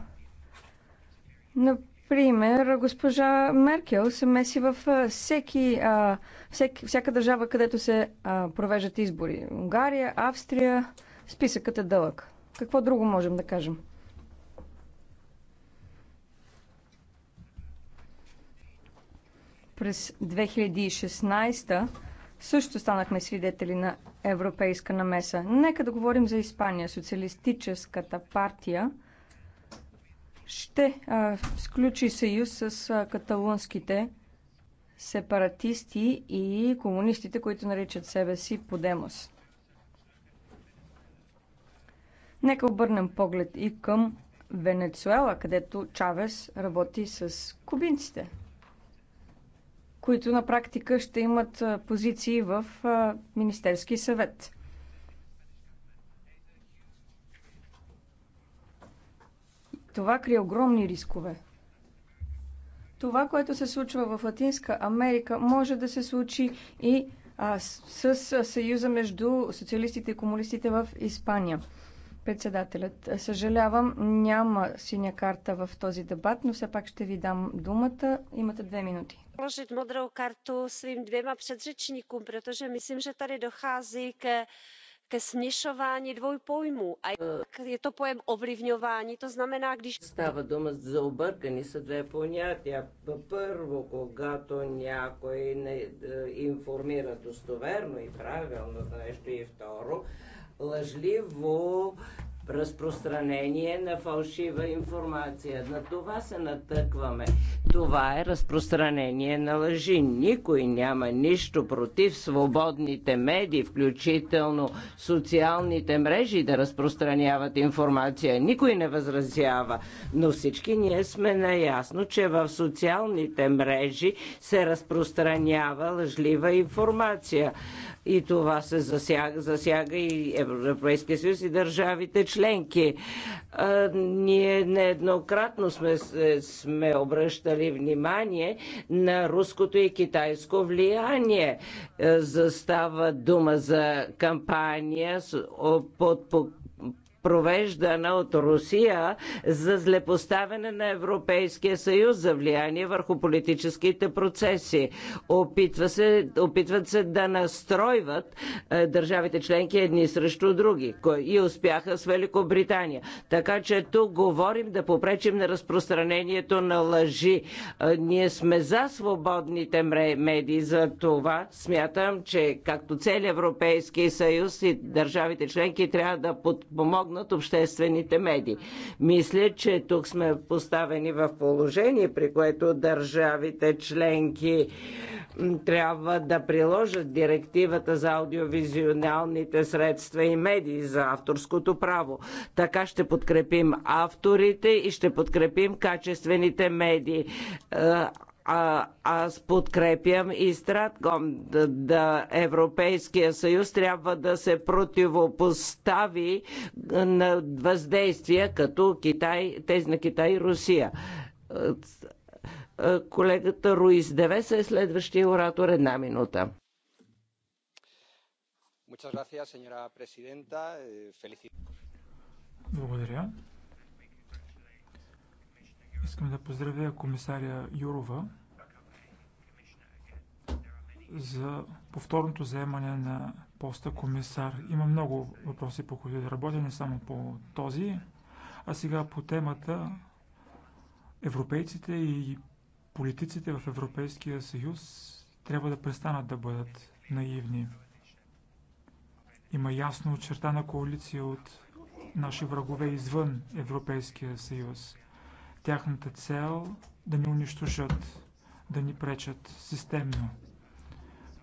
Например, госпожа Меркел се меси в всеки, всеки, всяка държава, където се провеждат избори. Унгария, Австрия, списъкът е дълъг. Какво друго можем да кажем? През 2016 също станахме свидетели на европейска намеса. Нека да говорим за Испания. Социалистическата партия ще а, сключи съюз с а, каталунските сепаратисти и комунистите, които наричат себе си Подемос. Нека обърнем поглед и към Венецуела, където Чавес работи с кубинците които на практика ще имат позиции в Министерски съвет. Това крие огромни рискове. Това, което се случва в Латинска Америка, може да се случи и а, с, с съюза между социалистите и комунистите в Испания. Председателят, съжалявам, няма синя карта в този дебат, но все пак ще ви дам думата. Имате две минути. Положit modrou kartu svým dvěma předřečníkům, protože myslím, že tady dochází ke ke směšování dvou pojmů. A je to pojem ovlivňování, to znamená, když... Става дума за объркани са две понятия. Първо, когато някой не е, информира достоверно и правилно за нещо и второ, лъжливо разпространение на фалшива информация. На това се натъкваме. Това е разпространение на лъжи. Никой няма нищо против свободните медии, включително социалните мрежи да разпространяват информация. Никой не възразява. Но всички ние сме наясно, че в социалните мрежи се разпространява лъжлива информация. И това се засяга, засяга и Европейския съюз и държавите членки. А, ние нееднократно сме, сме обръщали внимание на руското и китайско влияние. Е, застава дума за кампания под, под провеждана от Русия за злепоставяне на Европейския съюз за влияние върху политическите процеси. Опитва се, опитват се да настройват е, държавите членки едни срещу други и успяха с Великобритания. Така че тук говорим да попречим на разпространението на лъжи. Е, ние сме за свободните медии, за това смятам, че както цели Европейски съюз и държавите членки трябва да подпомогнат помогнат обществените медии. Мисля, че тук сме поставени в положение, при което държавите членки трябва да приложат директивата за аудиовизионалните средства и медии за авторското право. Така ще подкрепим авторите и ще подкрепим качествените медии. Е, а, аз подкрепям и Стратком да, да Европейския съюз трябва да се противопостави на въздействия като Китай, тези на Китай и Русия. Колегата Руис Девеса е следващия оратор. Една минута. Благодаря. Искам да поздравя комисаря Юрова за повторното заемане на поста комисар. Има много въпроси, по които да работя, не само по този. А сега по темата европейците и политиците в Европейския съюз трябва да престанат да бъдат наивни. Има ясно очертана коалиция от наши врагове извън Европейския съюз. Тяхната цел да ни унищожат, да ни пречат системно.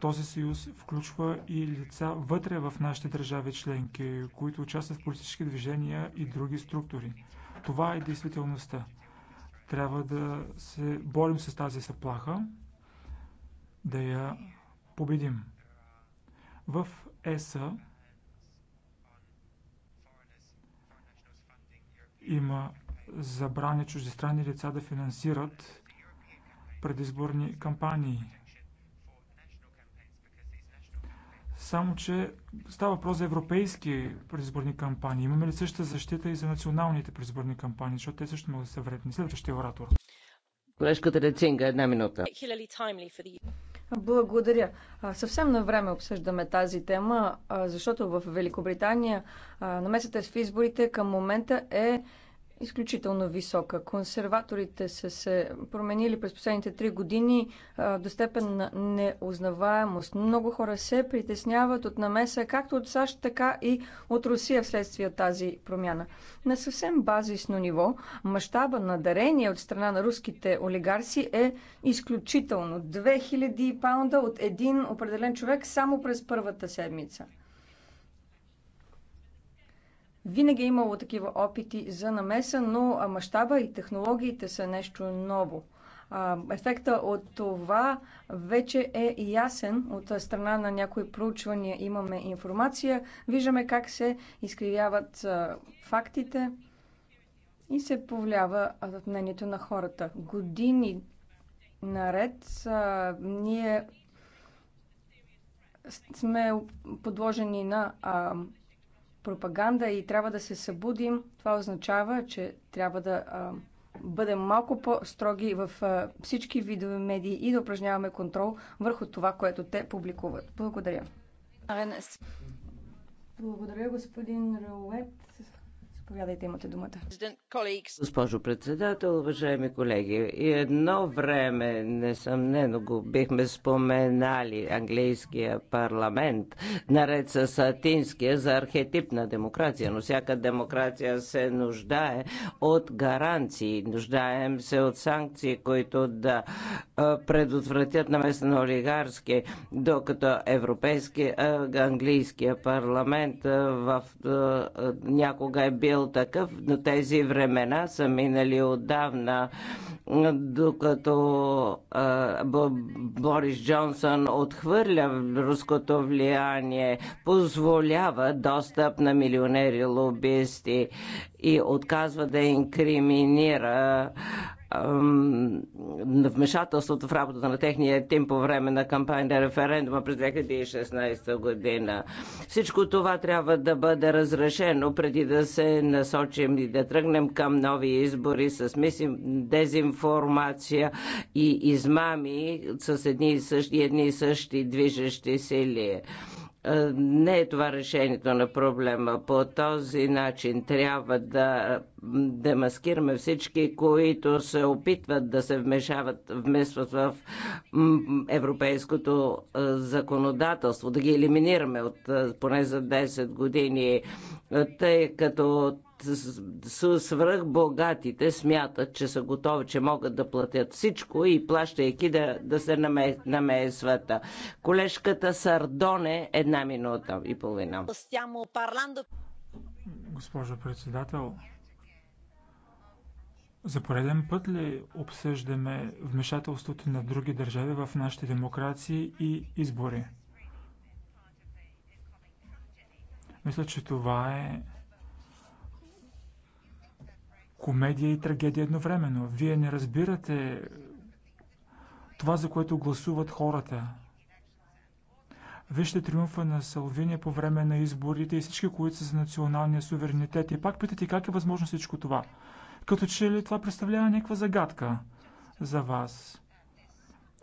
Този съюз включва и лица вътре в нашите държави членки, които участват в политически движения и други структури. Това е действителността. Трябва да се борим с тази съплаха, да я победим. В ЕСА има забраня чуждестранни лица да финансират предизборни кампании. Само, че става въпрос за европейски предизборни кампании. Имаме ли същата защита и за националните предизборни кампании, защото те също могат да са вредни? Следващия оратор. Колежката Рецинга, една минута. Благодаря. Съвсем на време обсъждаме тази тема, защото в Великобритания намесата с изборите към момента е изключително висока. Консерваторите са се променили през последните три години а, до степен на неузнаваемост. Много хора се притесняват от намеса както от САЩ, така и от Русия вследствие тази промяна. На съвсем базисно ниво, мащаба на дарение от страна на руските олигарси е изключително. 2000 паунда от един определен човек само през първата седмица – винаги е имало такива опити за намеса, но мащаба и технологиите са нещо ново. Ефекта от това вече е ясен. От страна на някои проучвания имаме информация. Виждаме как се изкривяват фактите и се повлява мнението на хората. Години наред ние сме подложени на пропаганда и трябва да се събудим, това означава, че трябва да а, бъдем малко по-строги в а, всички видове медии и да упражняваме контрол върху това, което те публикуват. Благодаря. Благодаря, господин Раует. Заповядайте, имате думата. Госпожо председател, уважаеми колеги, и едно време, несъмнено, го бихме споменали английския парламент, наред с атинския за архетип на демокрация, но всяка демокрация се нуждае от гаранции, нуждаем се от санкции, които да предотвратят намеса на олигарски, докато европейски, английския парламент в някога е бил бил такъв, но тези времена са минали отдавна, докато а, Борис Джонсън отхвърля руското влияние, позволява достъп на милионери лобисти и отказва да инкриминира вмешателството в работата на техния тим по време на кампания референдума през 2016 година. Всичко това трябва да бъде разрешено преди да се насочим и да тръгнем към нови избори с мислим, дезинформация и измами с едни и същи, едни и същи движещи сили. Е, не е това решението на проблема. По този начин трябва да демаскираме всички, които се опитват да се вмешават, вместват в европейското е, законодателство, да ги елиминираме от е, поне за 10 години, тъй като Свръх богатите смятат, че са готови, че могат да платят всичко и плащайки да, да се намее намесват. Колежката Сардоне, една минута и половина. Госпожо председател, за пореден път ли обсъждаме вмешателството на други държави в нашите демокрации и избори? Мисля, че това е комедия и трагедия едновременно. Вие не разбирате това, за което гласуват хората. Вижте триумфа на Салвиния по време на изборите и всички, които са за националния суверенитет. И пак питате как е възможно всичко това. Като че ли това представлява някаква загадка за вас.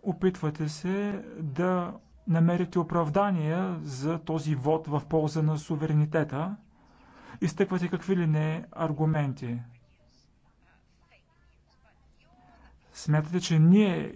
Опитвате се да намерите оправдания за този вод в полза на суверенитета. Изтъквате какви ли не аргументи. Смятате, че ние